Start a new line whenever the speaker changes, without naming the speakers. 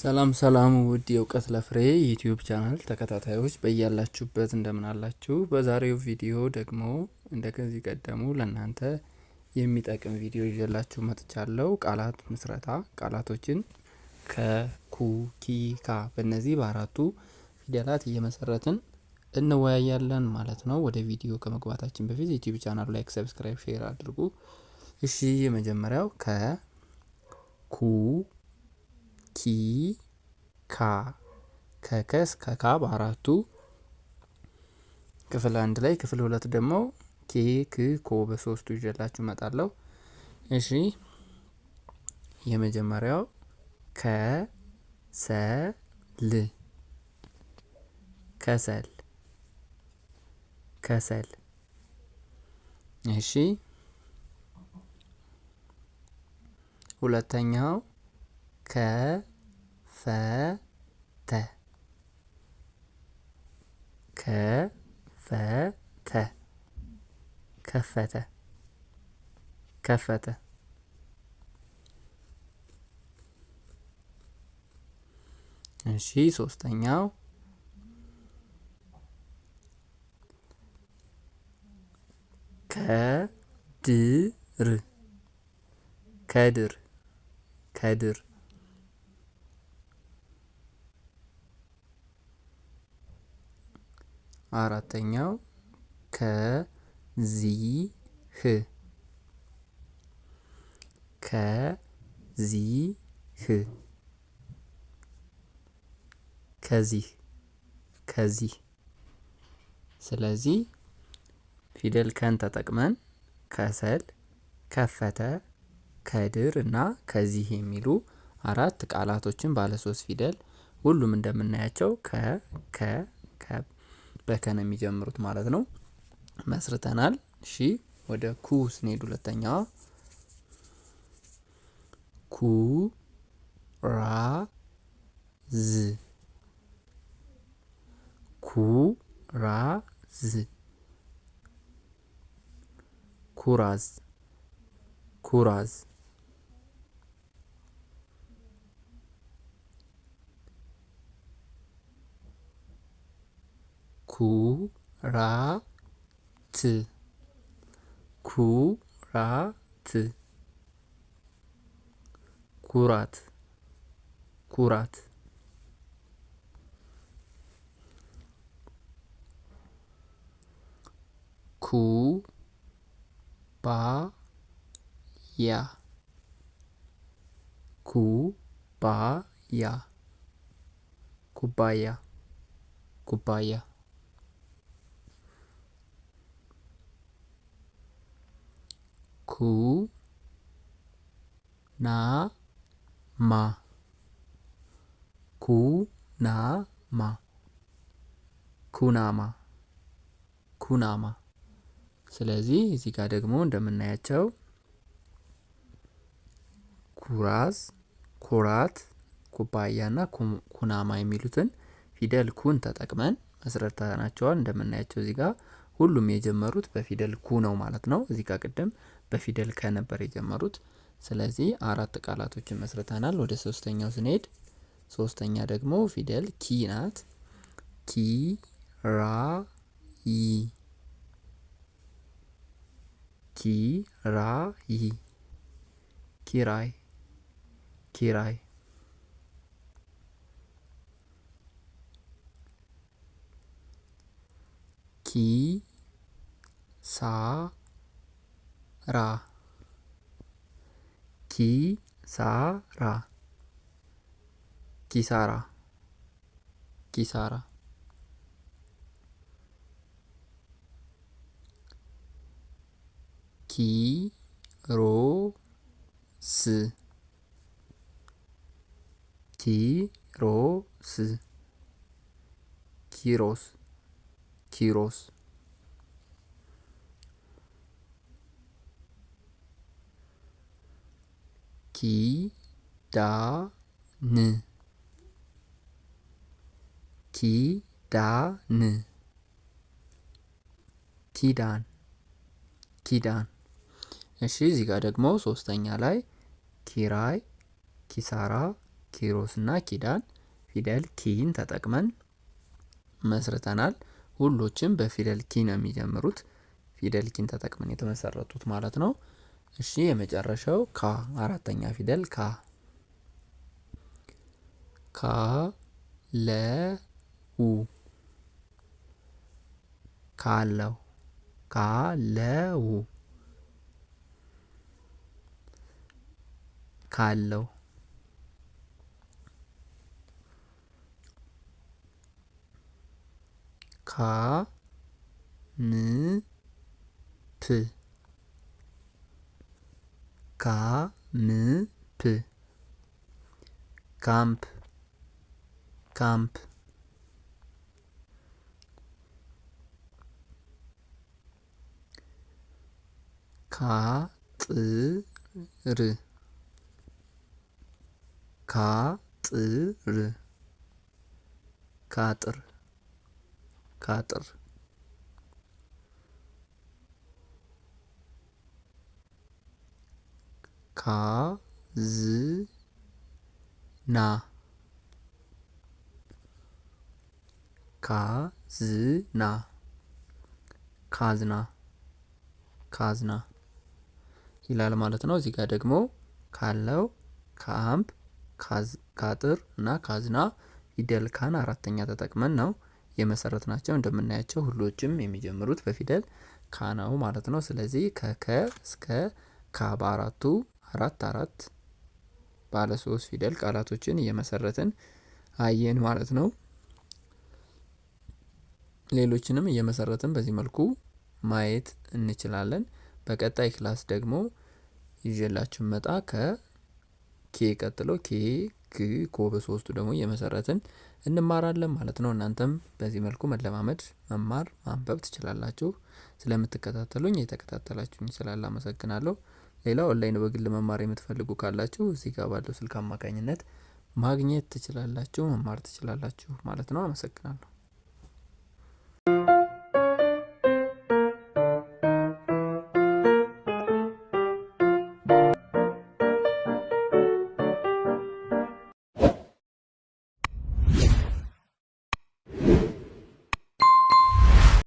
ሰላም ሰላም ውድ የእውቀት ለፍሬ ዩቲዩብ ቻናል ተከታታዮች በያላችሁበት እንደምን አላችሁ? በዛሬው ቪዲዮ ደግሞ እንደ ከዚህ ቀደሙ ለእናንተ የሚጠቅም ቪዲዮ ይዤላችሁ መጥቻለሁ። ቃላት ምስረታ ቃላቶችን ከኩ በእነዚህ በአራቱ ፊደላት እየመሰረትን እንወያያለን ማለት ነው። ወደ ቪዲዮ ከመግባታችን በፊት ዩቲዩብ ቻናሉ ላይክ፣ ሰብስክራይብ፣ ሼር አድርጉ። እሺ የመጀመሪያው ከኩ ኪ ካ ከከስ ከካ በአራቱ ክፍል አንድ ላይ ክፍል ሁለት ደግሞ ኬ ክ ኮ በሶስቱ ይዤላችሁ እመጣለሁ። እሺ የመጀመሪያው ከ ሰ ል ከሰል ከሰል እሺ ሁለተኛው Cafeta. Cafeta. Cafeta. Cafeta. እሺ ሶስተኛው ከድር ከድር ከድር አራተኛው ከዚህ ከዚህ ከዚህ ከዚህ ስለዚህ ፊደል ከን ተጠቅመን ከሰል፣ ከፈተ፣ ከድር እና ከዚህ የሚሉ አራት ቃላቶችን ባለ ሶስት ፊደል ሁሉም እንደምናያቸው ከ ከ ከብ በከነ የሚጀምሩት ማለት ነው። መስርተናል። እሺ ወደ ኩ ስንሄድ ሁለተኛዋ ኩ ራ ዝ ኩ ራ ዝ ኩራዝ ኩራዝ ኩራት ኩራት ኩራት ኩራት ኩባያ ኩባያ ኩባያ ኩባያ ኩናማ ማ ኩናማ ኩናማ። ስለዚህ እዚህ ጋር ደግሞ እንደምናያቸው ኩራዝ፣ ኩራት፣ ኩባያ እና ኩናማ የሚሉትን ፊደል ኩን ተጠቅመን መስረታናቸዋል። እንደምናያቸው እዚህ ጋር ሁሉም የጀመሩት በፊደል ኩ ነው ማለት ነው። እዚህ ጋር ቅድም በፊደል ከ ነበር የጀመሩት። ስለዚህ አራት ቃላቶችን መስርተናል። ወደ ሶስተኛው ስንሄድ ሶስተኛ ደግሞ ፊደል ኪ ናት። ኪ ራ ይ ኪ ራ ይ ኪራይ ኪራይ ኪ ሳ 라 기사라 기사라 기사라 기로스 기로스 기로스 기로스 ኪዳን ኪዳን ኪዳን ኪዳን። እሺ እዚህ ጋር ደግሞ ሶስተኛ ላይ ኪራይ፣ ኪሳራ፣ ኪሮስ እና ኪዳን ፊደል ኪን ተጠቅመን መስርተናል። ሁሎችም በፊደል ኪ ነው የሚጀምሩት። ፊደል ኪን ተጠቅመን የተመሰረቱት ማለት ነው። እሺ የመጨረሻው ካ አራተኛ ፊደል ካ ካ ለ ኡ ካለው ካለው ካለው ካ ን ት ካምፕ ካምፕ ካምፕ ካጥር ካጥር ካጥር ካጥር ካዝና ካዝና ካዝና ካዝና ይላል ማለት ነው። እዚህ ጋር ደግሞ ካለው ከአምፕ ካጥር እና ካዝና ፊደል ካን አራተኛ ተጠቅመን ነው የመሰረት ናቸው። እንደምናያቸው ሁሎችም የሚጀምሩት በፊደል ካ ነው ማለት ነው። ስለዚህ ከከ እስከ ካ በአራቱ አራት አራት ባለ ሶስት ፊደል ቃላቶችን እየመሰረትን አየን ማለት ነው። ሌሎችንም እየመሰረትን በዚህ መልኩ ማየት እንችላለን። በቀጣይ ክላስ ደግሞ ይዤላችሁ መጣ ከኬ ቀጥሎ ኬ ክ ኮ በሶስቱ ደግሞ እየመሰረትን እንማራለን ማለት ነው። እናንተም በዚህ መልኩ መለማመድ፣ መማር፣ ማንበብ ትችላላችሁ። ስለምትከታተሉኝ የተከታተላችሁኝ ስላለ አመሰግናለሁ። ሌላው ኦንላይን በግል መማር የምትፈልጉ ካላችሁ እዚህ ጋር ባለው ስልክ አማካኝነት ማግኘት ትችላላችሁ፣ መማር ትችላላችሁ ማለት ነው። አመሰግናለሁ።